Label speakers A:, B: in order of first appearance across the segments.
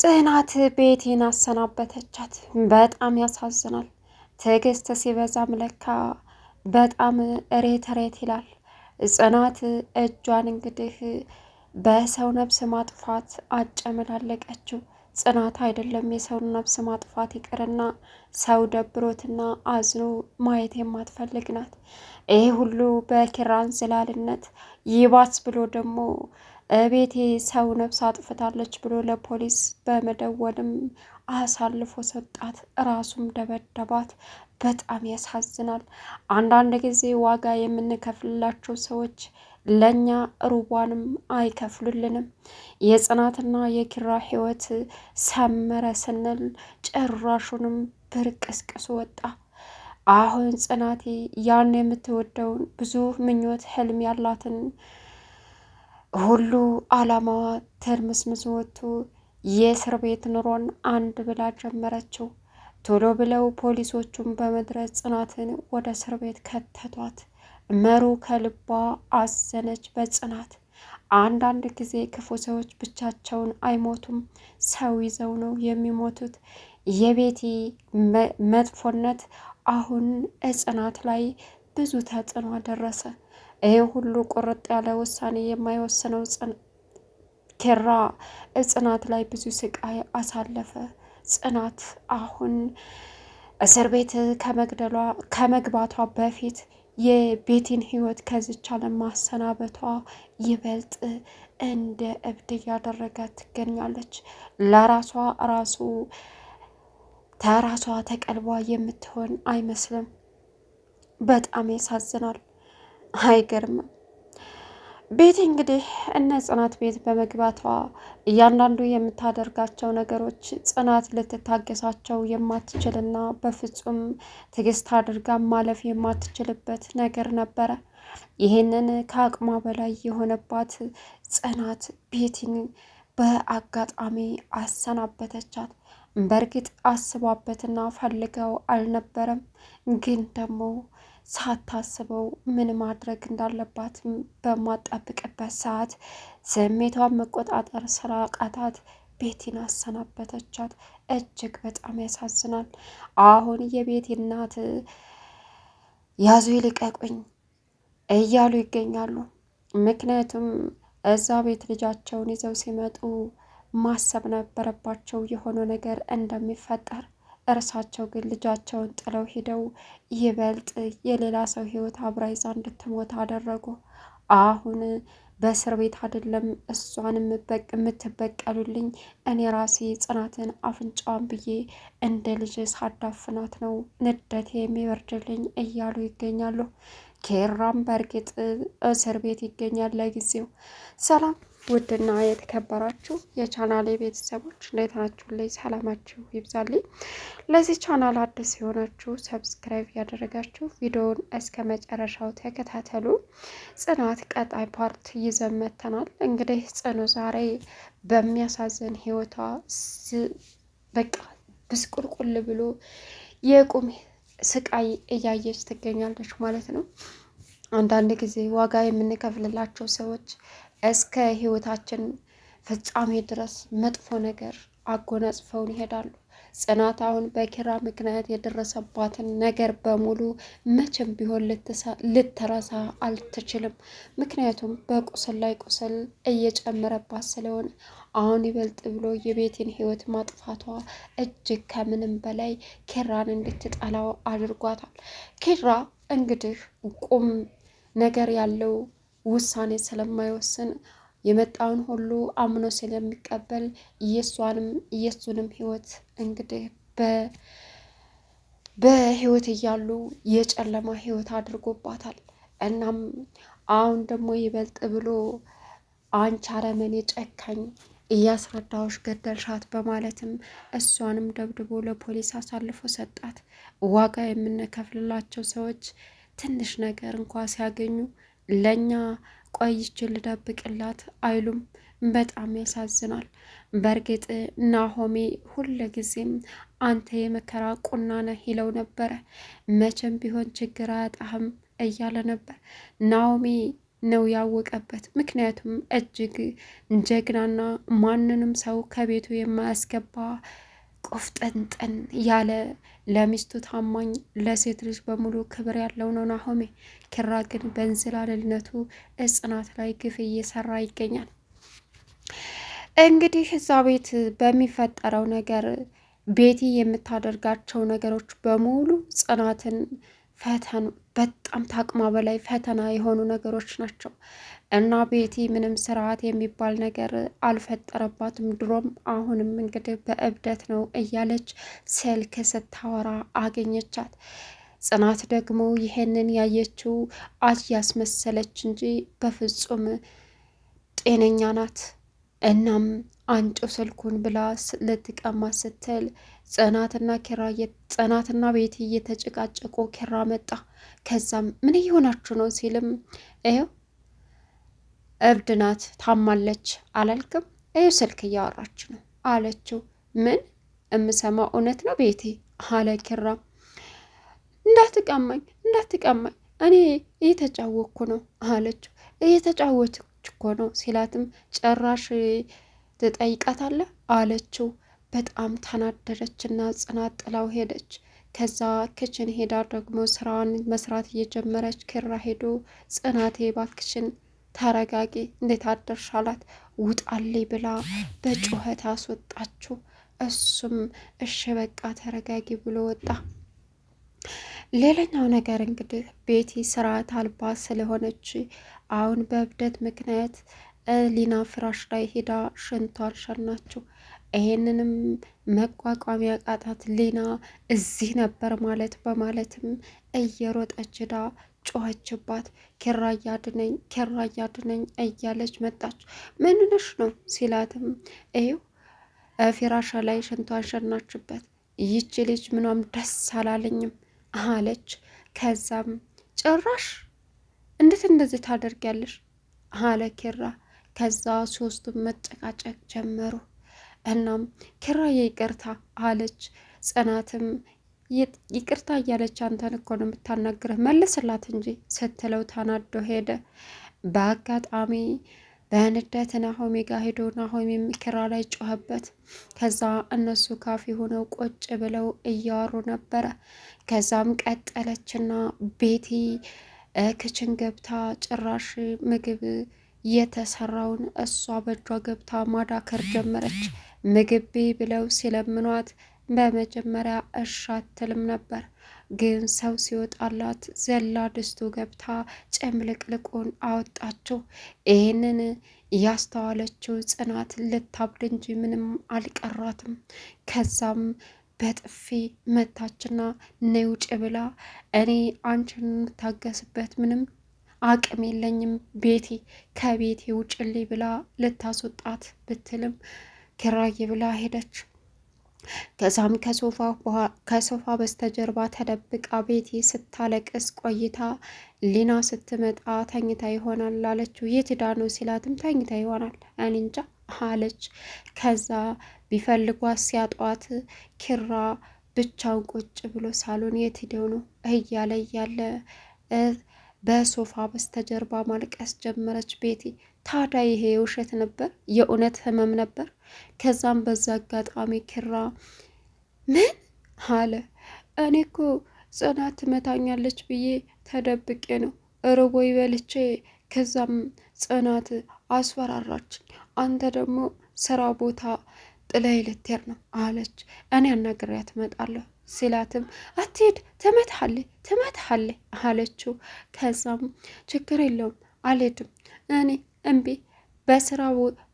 A: ጽናት ቤቴን አሰናበተቻት። በጣም ያሳዝናል። ትዕግስት ሲበዛም ለካ በጣም ሬት ሬት ይላል። ጽናት እጇን እንግዲህ በሰው ነብስ ማጥፋት አጨመላለቀችው። ጽናት አይደለም የሰው ነብስ ማጥፋት ይቅርና ሰው ደብሮትና አዝኖ ማየት የማትፈልግ ናት። ይህ ሁሉ በኪራን ዝላልነት ይባስ ብሎ ደግሞ እቤቴ ሰው ነፍስ አጥፍታለች ብሎ ለፖሊስ በመደወልም አሳልፎ ሰጣት። ራሱም ደበደባት። በጣም ያሳዝናል። አንዳንድ ጊዜ ዋጋ የምንከፍልላቸው ሰዎች ለእኛ ሩቧንም አይከፍሉልንም። የጽናትና የኪራ ህይወት ሰመረ ስንል ጭራሹንም ብርቅስቅሶ ወጣ። አሁን ጽናቴ ያን የምትወደውን ብዙ ምኞት ህልም ያላትን ሁሉ አላማዋ ትርምስምስ ወጥቶ የእስር ቤት ኑሮን አንድ ብላ ጀመረችው። ቶሎ ብለው ፖሊሶቹን በመድረስ ጽናትን ወደ እስር ቤት ከተቷት። መሩ ከልቧ አዘነች በጽናት። አንዳንድ ጊዜ ክፉ ሰዎች ብቻቸውን አይሞቱም፣ ሰው ይዘው ነው የሚሞቱት። የቤቲ መጥፎነት አሁን እጽናት ላይ ብዙ ተጽዕኖ ደረሰ። ይህ ሁሉ ቁርጥ ያለ ውሳኔ የማይወስነው ኪራ ጽናት ላይ ብዙ ስቃይ አሳለፈ። ጽናት አሁን እስር ቤት ከመግደሏ ከመግባቷ በፊት የቤቲን ህይወት ከዚች ዓለም ማሰናበቷ ይበልጥ እንደ እብድ እያደረጋት ትገኛለች። ለራሷ ራሱ ተራሷ ተቀልቧ የምትሆን አይመስልም። በጣም ያሳዝናል። አይገርምም። ቤቲ እንግዲህ እነ ጽናት ቤት በመግባቷ እያንዳንዱ የምታደርጋቸው ነገሮች ጽናት ልትታገሳቸው የማትችልና በፍጹም ትግስት አድርጋ ማለፍ የማትችልበት ነገር ነበረ። ይህንን ከአቅሟ በላይ የሆነባት ጽናት ቤቲን በአጋጣሚ አሰናበተቻት። በእርግጥ አስባበትና ፈልገው አልነበረም፣ ግን ደግሞ ሳታስበው ምን ማድረግ እንዳለባት በማጠብቅበት ሰዓት ስሜቷን መቆጣጠር ስራ ቃታት ቤቲን አሰናበተቻት። እጅግ በጣም ያሳዝናል። አሁን የቤቲ እናት ያዙ ይልቀቁኝ እያሉ ይገኛሉ። ምክንያቱም እዛ ቤት ልጃቸውን ይዘው ሲመጡ ማሰብ ነበረባቸው የሆነ ነገር እንደሚፈጠር እርሳቸው ግን ልጃቸውን ጥለው ሄደው ይበልጥ የሌላ ሰው ሕይወት አብራ ይዛ እንድትሞት አደረጉ። አሁን በእስር ቤት አይደለም እሷን የምትበቀሉልኝ፣ እኔ ራሴ ጽናትን አፍንጫዋን ብዬ እንደ ልጅ ሳዳፍናት ነው ንደቴ የሚበርድልኝ እያሉ ይገኛሉ። ኬራም በእርግጥ እስር ቤት ይገኛል ለጊዜው ሰላም ውድና የተከበራችሁ የቻናሌ ቤተሰቦች እንዴት ናችሁ? ላይ ሰላማችሁ ይብዛልኝ። ለዚህ ቻናል አዲስ የሆናችሁ ሰብስክራይብ ያደረጋችሁ ቪዲዮውን እስከ መጨረሻው ተከታተሉ። ጽናት ቀጣይ ፓርት ይዘን መጥተናል። እንግዲህ ጽኑ ዛሬ በሚያሳዝን ህይወቷ በቃ ብስቁልቁል ብሎ የቁም ስቃይ እያየች ትገኛለች ማለት ነው። አንዳንድ ጊዜ ዋጋ የምንከፍልላቸው ሰዎች እስከ ህይወታችን ፍጻሜ ድረስ መጥፎ ነገር አጎናጽፈውን ይሄዳሉ። ጽናት አሁን በኪራ ምክንያት የደረሰባትን ነገር በሙሉ መቼም ቢሆን ልትረሳ አልትችልም። ምክንያቱም በቁስል ላይ ቁስል እየጨመረባት ስለሆነ አሁን ይበልጥ ብሎ የቤትን ህይወት ማጥፋቷ እጅግ ከምንም በላይ ኪራን እንድትጠላው አድርጓታል። ኪራ እንግዲህ ቁም ነገር ያለው ውሳኔ ስለማይወስን የመጣውን ሁሉ አምኖ ስለሚቀበል የእሷንም የእሱንም ህይወት እንግዲህ በህይወት እያሉ የጨለማ ህይወት አድርጎባታል። እናም አሁን ደግሞ ይበልጥ ብሎ አንቺ አረመኔ ጨካኝ እያስረዳዎች ገደልሻት በማለትም እሷንም ደብድቦ ለፖሊስ አሳልፎ ሰጣት። ዋጋ የምንከፍልላቸው ሰዎች ትንሽ ነገር እንኳ ሲያገኙ ለእኛ ቆይቼ ልደብቅላት አይሉም። በጣም ያሳዝናል። በእርግጥ ናሆሜ ጊዜም አንተ የመከራ ቁና ነህ ይለው ነበረ። መቼም ቢሆን ችግር አያጣህም እያለ ነበር። ናሆሜ ነው ያወቀበት። ምክንያቱም እጅግ ጀግናና ማንንም ሰው ከቤቱ የማያስገባ ቆፍጠንጠን ያለ ለሚስቱ ታማኝ ለሴት ልጅ በሙሉ ክብር ያለው ነው ናሆሜ። ኪራ ግን በእንዝላልነቱ እጽናት ላይ ግፍ እየሰራ ይገኛል። እንግዲህ እዛ ቤት በሚፈጠረው ነገር ቤቲ የምታደርጋቸው ነገሮች በሙሉ ጽናትን ፈተና በጣም ታቅማ በላይ ፈተና የሆኑ ነገሮች ናቸው እና ቤቲ ምንም ስርዓት የሚባል ነገር አልፈጠረባትም። ድሮም አሁንም እንግዲህ በእብደት ነው እያለች ስልክ ስታወራ አገኘቻት። ጽናት ደግሞ ይሄንን ያየችው አጅ ያስመሰለች እንጂ በፍጹም ጤነኛ ናት። እናም አንጮ ስልኩን ብላ ልትቀማ ስትል ጽናትና ኪራ ጽናትና ቤት እየተጨቃጨቁ ኪራ መጣ። ከዛም ምን እየሆናችሁ ነው ሲልም ይኸው እብድ ናት ታማለች አላልክም? ይኸው ስልክ እያወራች ነው አለችው። ምን የምሰማ እውነት ነው ቤቴ አለ ኪራ። እንዳትቀማኝ እንዳትቀማኝ እኔ እየተጫወኩ ነው አለችው። እየተጫወተች እኮ ነው ሲላትም ጭራሽ ትጠይቃታለህ አለችው። በጣም ታናደረች እና ጽናት ጥላው ሄደች። ከዛ ክችን ሄዳ ደግሞ ስራዋን መስራት እየጀመረች ኪራ ሄዶ ጽናቴ ባክሽን ተረጋጊ፣ እንዴት አደርሻላት አላት። ብላ በጩኸት አስወጣችው። እሱም እሺ በቃ ተረጋጊ ብሎ ወጣ። ሌላኛው ነገር እንግዲህ ቤቲ ስርዓት አልባ ስለሆነች አሁን በእብደት ምክንያት ሊና ፍራሽ ላይ ሄዳ ሽንቷን ሸናችው። ይሄንንም መቋቋም ያቃታት ሊና እዚህ ነበር ማለት በማለትም እየሮጠች ዳ ጮኸችባት። ኪራ እያድነኝ፣ ኪራ እያድነኝ እያለች መጣች። ምንነሽ ነው ሲላትም ይኸው ፊራሻ ላይ ሽንቷን ሸናችበት። ይቺ ልጅ ምኗም ደስ አላለኝም አለች። ከዛም ጭራሽ እንዴት እንደዚህ ታደርጊያለሽ አለ ኪራ። ከዛ ሶስቱም መጨቃጨቅ ጀመሩ። እናም ኪራዬ ይቅርታ አለች። ጽናትም ይቅርታ እያለች አንተን እኮ ነው የምታናግረህ መልስላት እንጂ ስትለው ተናዶ ሄደ። በአጋጣሚ በንዴት ናሆሜ ጋ ሄዶ ናሆሜም ኪራ ላይ ጮኸበት። ከዛ እነሱ ካፊ ሆነው ቁጭ ብለው እያወሩ ነበረ። ከዛም ቀጠለችና ቤቲ ክችን ገብታ ጭራሽ ምግብ የተሰራውን እሷ በእጇ ገብታ ማዳከር ጀመረች። ምግቢ ብለው ሲለምኗት በመጀመሪያ እሺ አትልም ነበር። ግን ሰው ሲወጣላት ዘላ ድስቱ ገብታ ጭምልቅልቁን አወጣችው። ይህንን ያስተዋለችው ጽናት ልታብድ እንጂ ምንም አልቀራትም። ከዛም በጥፊ መታችና ነይ ውጭ ብላ እኔ አንቺን የምታገስበት ምንም አቅም የለኝም ቤቴ ከቤቴ ውጭልኝ ብላ ልታስወጣት ብትልም ኪራይ ብላ ሄደች። ከዛም ከሶፋ በስተጀርባ ተደብቃ ቤቲ ስታለቅስ ቆይታ ሊና ስትመጣ ተኝታ ይሆናል አለችው። የት ሄዳ ነው ሲላትም ተኝታ ይሆናል እኔ እንጃ አለች። ከዛ ቢፈልጓ ሲያጧት ኪራ ብቻውን ቁጭ ብሎ ሳሎን የት ሄደው ነው እያለ እያለ በሶፋ በስተጀርባ ማልቀስ ጀመረች ቤቲ። ታዲያ ይሄ ውሸት ነበር? የእውነት ህመም ነበር? ከዛም በዛ አጋጣሚ ኪራ ምን አለ? እኔ እኮ ጽናት ትመታኛለች ብዬ ተደብቄ ነው ርቦይ በልቼ ከዛም ጽናት አስፈራራችኝ። አንተ ደግሞ ስራ ቦታ ጥላይ ልትሄድ ነው አለች። እኔ አናግሬያት እመጣለሁ ሲላትም አትሄድ ትመታለች ትመታለች አለችው። ከዛም ችግር የለውም አልሄድም እኔ እምቢ በስራ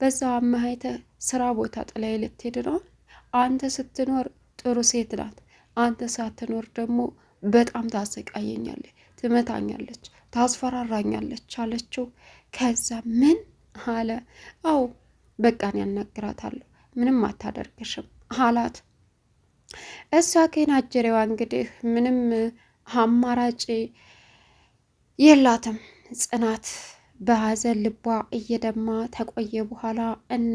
A: በዛ አመሀይተ ስራ ቦታ ጥላይ ልትሄድ ነው። አንተ ስትኖር ጥሩ ሴት ናት፣ አንተ ሳትኖር ደግሞ በጣም ታሰቃየኛለች፣ ትመታኛለች፣ ታስፈራራኛለች አለችው። ከዛ ምን አለ? አው በቃን ያናግራታለሁ፣ ምንም አታደርግሽም አላት። እሷ ከናጀሪዋ እንግዲህ ምንም አማራጭ የላትም ጽናት በሀዘን ልቧ እየደማ ተቆየ። በኋላ እነ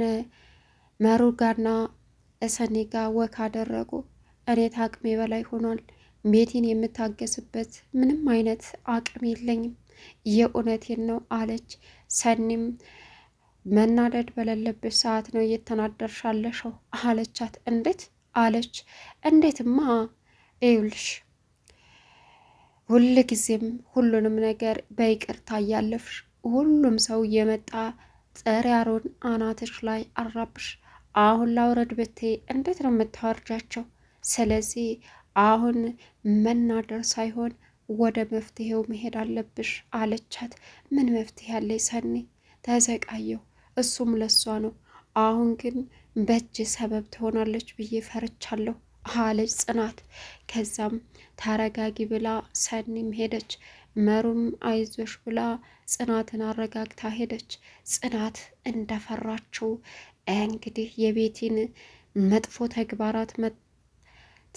A: መሩ ጋና እሰኔ ጋር ወክ አደረጉ። እኔ ታቅሜ በላይ ሆኗል። ቤቴን የምታገስበት ምንም አይነት አቅም የለኝም። የእውነቴን ነው አለች። ሰኒም መናደድ በሌለብሽ ሰዓት ነው እየተናደርሻለሸው አለቻት። እንዴት አለች። እንዴትማ ይውልሽ ጊዜም ሁሉንም ነገር በይቅርታ እያለፍሽ ሁሉም ሰው እየመጣ ጸረ ያሮን አናትሽ ላይ አራብሽ አሁን ላውረድ ብቴ እንዴት ነው የምታወርጃቸው? ስለዚህ አሁን መናደር ሳይሆን ወደ መፍትሄው መሄድ አለብሽ አለቻት። ምን መፍትሄ ያለኝ ሰኒ? ተዘቃየሁ። እሱም ለሷ ነው። አሁን ግን በእጅ ሰበብ ትሆናለች ብዬ ፈርቻለሁ አለች ጽናት። ከዛም ተረጋጊ ብላ ሰኒም ሄደች። መሩም አይዞሽ ብላ ጽናትን አረጋግታ ሄደች። ጽናት እንደፈራችው እንግዲህ የቤቲን መጥፎ ተግባራት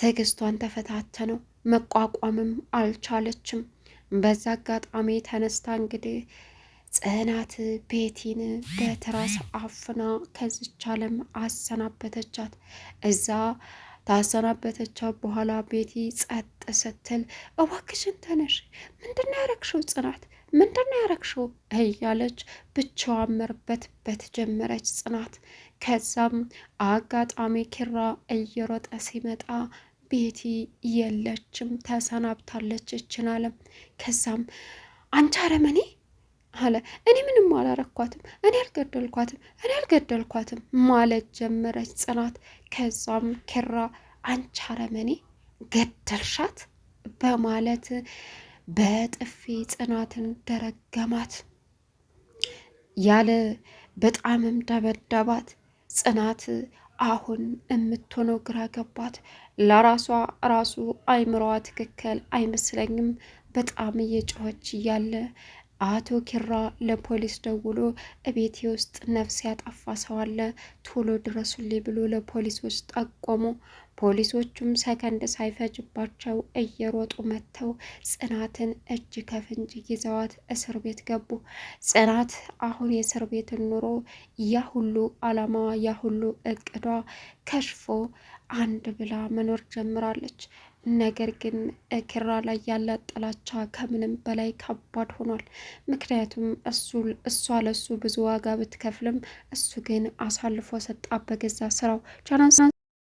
A: ትዕግስቷን ተፈታተነው መቋቋምም አልቻለችም። በዛ አጋጣሚ ተነስታ እንግዲህ ጽናት ቤቲን በትራስ አፍና ከዚች ዓለም አሰናበተቻት እዛ ታሰናበተቻ በኋላ ቤቲ ጸጥ ስትል እባክሽን ተነሽ፣ ምንድነው ያረግሽው ጽናት ምንድነው ያረግሽው እያለች ብቻዋን መርበትበት ጀመረች ጽናት። ከዛም አጋጣሚ ኪራ እየሮጠ ሲመጣ ቤቲ የለችም፣ ተሰናብታለች ይችላለም። ከዛም አንቺ አረመኔ አለ። እኔ ምንም አላረኳትም፣ እኔ አልገደልኳትም፣ እኔ አልገደልኳትም ማለት ጀመረች ጽናት። ከዛም ኪራ አንቺ አረመኔ ገደልሻት በማለት በጥፊ ጽናትን ደረገማት ያለ በጣምም ደበደባት። ጽናት አሁን የምትሆነው ግራ ገባት። ለራሷ ራሱ አይምሮዋ ትክክል አይመስለኝም። በጣም እየጮኸች እያለ አቶ ኪራ ለፖሊስ ደውሎ እቤቴ ውስጥ ነፍስ ያጠፋ ሰው አለ፣ ቶሎ ድረሱልኝ ብሎ ለፖሊሶች ጠቆሙ። ፖሊሶቹም ሰከንድ ሳይፈጅባቸው እየሮጡ መጥተው ጽናትን እጅ ከፍንጅ ይዘዋት እስር ቤት ገቡ። ጽናት አሁን የእስር ቤትን ኑሮ ያ ሁሉ አላማዋ ያ ሁሉ እቅዷ ከሽፎ አንድ ብላ መኖር ጀምራለች። ነገር ግን ኪራ ላይ ያለ ጥላቻ ከምንም በላይ ከባድ ሆኗል። ምክንያቱም እሷ ለሱ ብዙ ዋጋ ብትከፍልም እሱ ግን አሳልፎ ሰጣ በገዛ ስራው። ቻናንስ